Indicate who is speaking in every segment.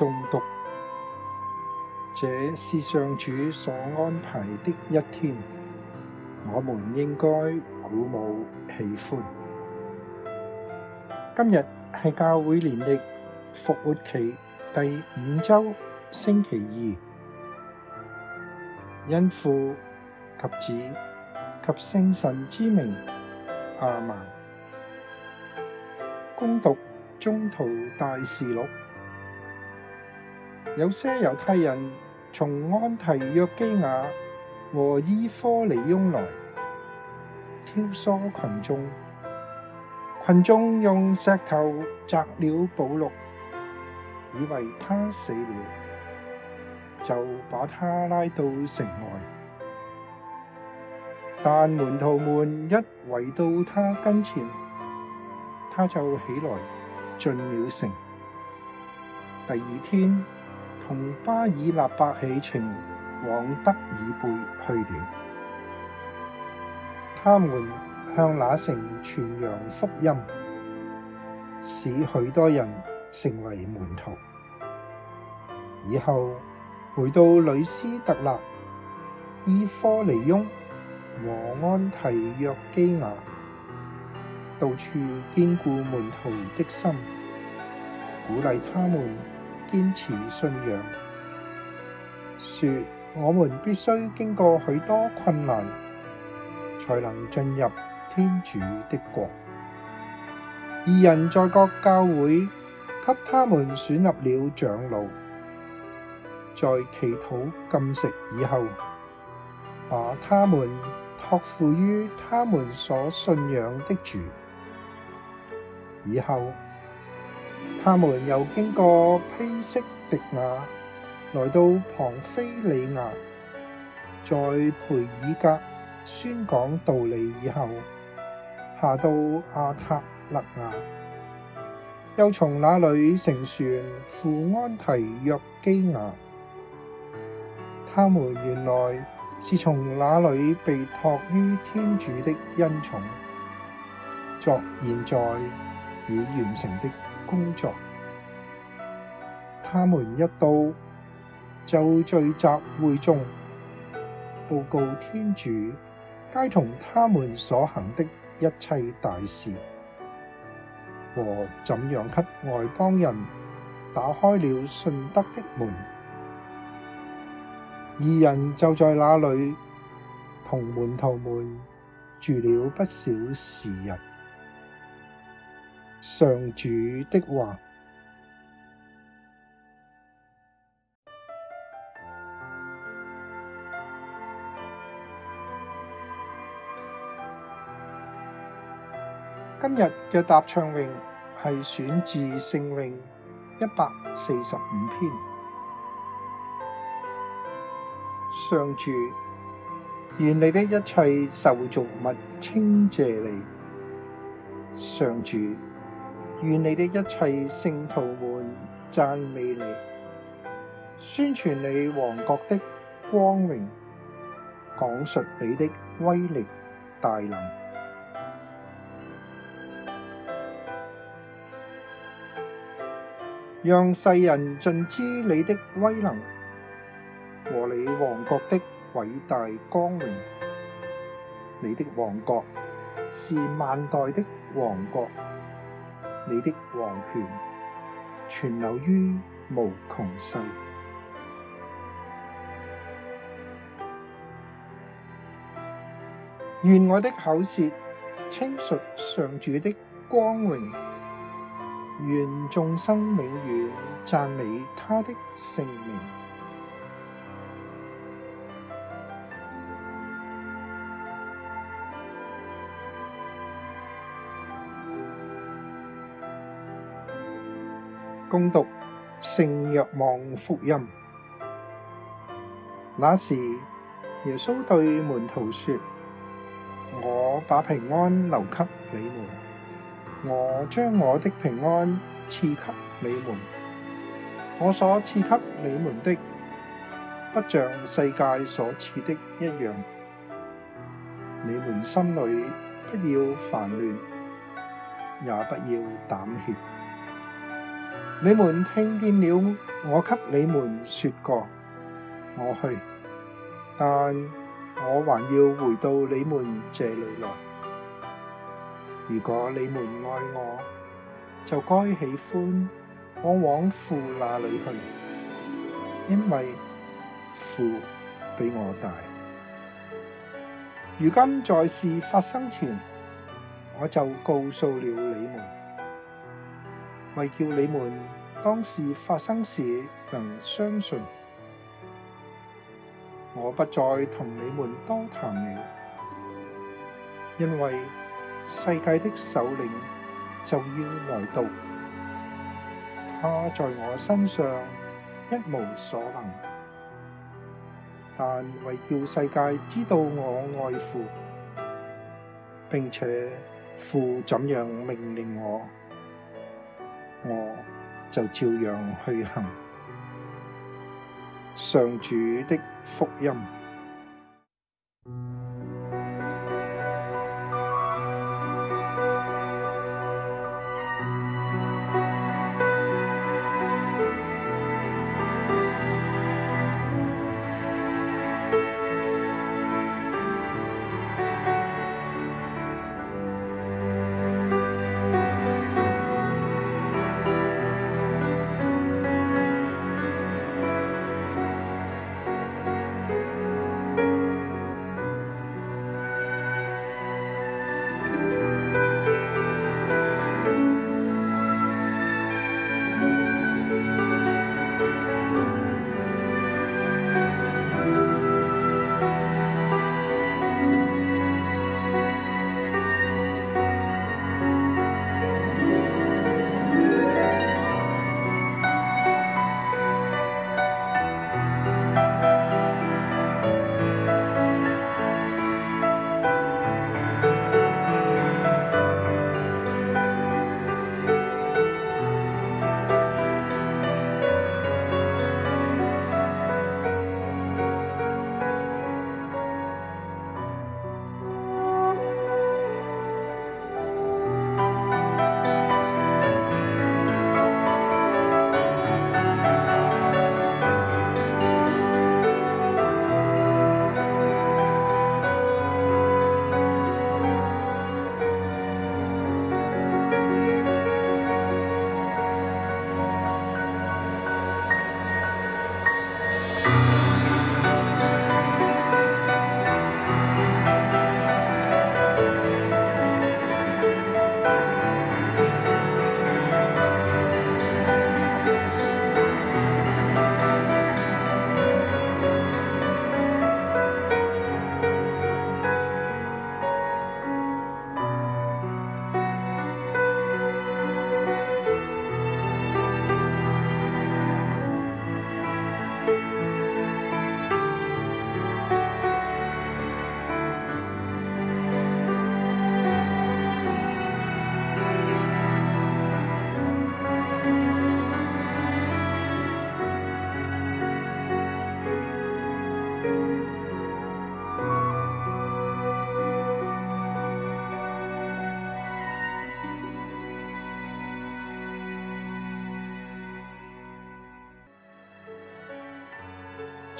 Speaker 1: 中毒，這是上主所安排的一天，我們應該鼓舞喜歡。今日係教會年曆復活期第五週星期二，因父及子及聖神之名，阿們。恭讀宗徒大事錄。有些猶太人從安提約基雅和依科尼雍來，挑唆群眾。群眾用石頭砸了保祿，以為他死了，就把他拉到城外。但門徒們一圍到他跟前，他就起來，進了城。第二天，同巴爾納伯起程往德爾貝去了，他們向那城傳揚福音，使許多人成為門徒。以後回到呂斯特辣、依科尼雍和安提約基雅，到處堅固門徒的心，鼓勵他們，堅持信仰，說我們必須經過許多困難，才能進入天主的國。二人在各教會給他們選立了長老，在祈禱禁食以後，把他們託付於他們所信仰的主。以後，他們又經過丕息狄雅，來到旁非里雅，在培爾革宣講道理以後，下到阿塔肋雅，又從那裏乘船赴安提約基雅。他們原來是從那裏被託於天主的恩寵，作現在已完成的工作，他們一到就聚集會眾，報告天主偕同他們所行的一切大事，和怎樣給外邦人打開了信德的門。二人就在那裏同門徒們住了不少時日。上主的話，今日嘅答唱詠係選自聖詠一百四十五篇。上主，願你的一切受造物稱謝你，上主。願你的一切聖徒們讚美你，宣傳你王國的光榮，講述你的威力大能，讓世人盡知你的威能和你王國的偉大光榮。你的王國是萬代的王國。你的王權存留於無窮世，願我的口舌稱述上主的光榮，願眾生永遠讚美他的聖名。恭讀聖若望福音，那時耶穌對門徒說：我把平安留給你們，我將我的平安賜給你們，我所賜給你們的，不像世界所賜的一樣。你們心裏不要煩亂，也不要膽怯。你們聽見了，我給你們說過，我去，但我還要回到你們這裏來。如果你們愛我，就該喜歡我往父那裏去，因為父比我大。如今在事發生前，我就告訴了你們。為叫你們當事發生時能相信，我不再同你們多談了，因為世界的首領就要來到，他在我身上一無所能，但為叫世界知道我愛父，並且父怎樣命令我。我就照樣去行，上主的福音。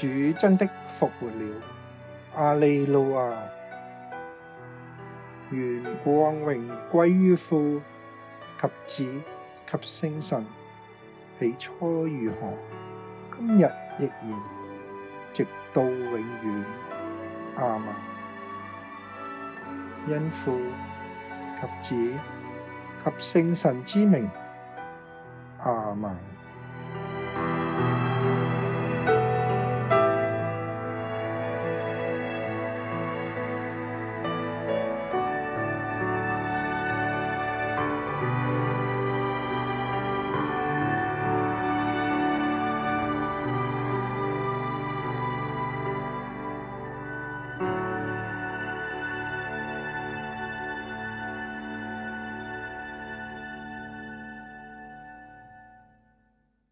Speaker 1: 主真的復活了，阿利路亞！願光榮歸於父及子及聖神，起初如何，今日亦然，直到永遠，阿們。因父及子及聖神之名，阿們。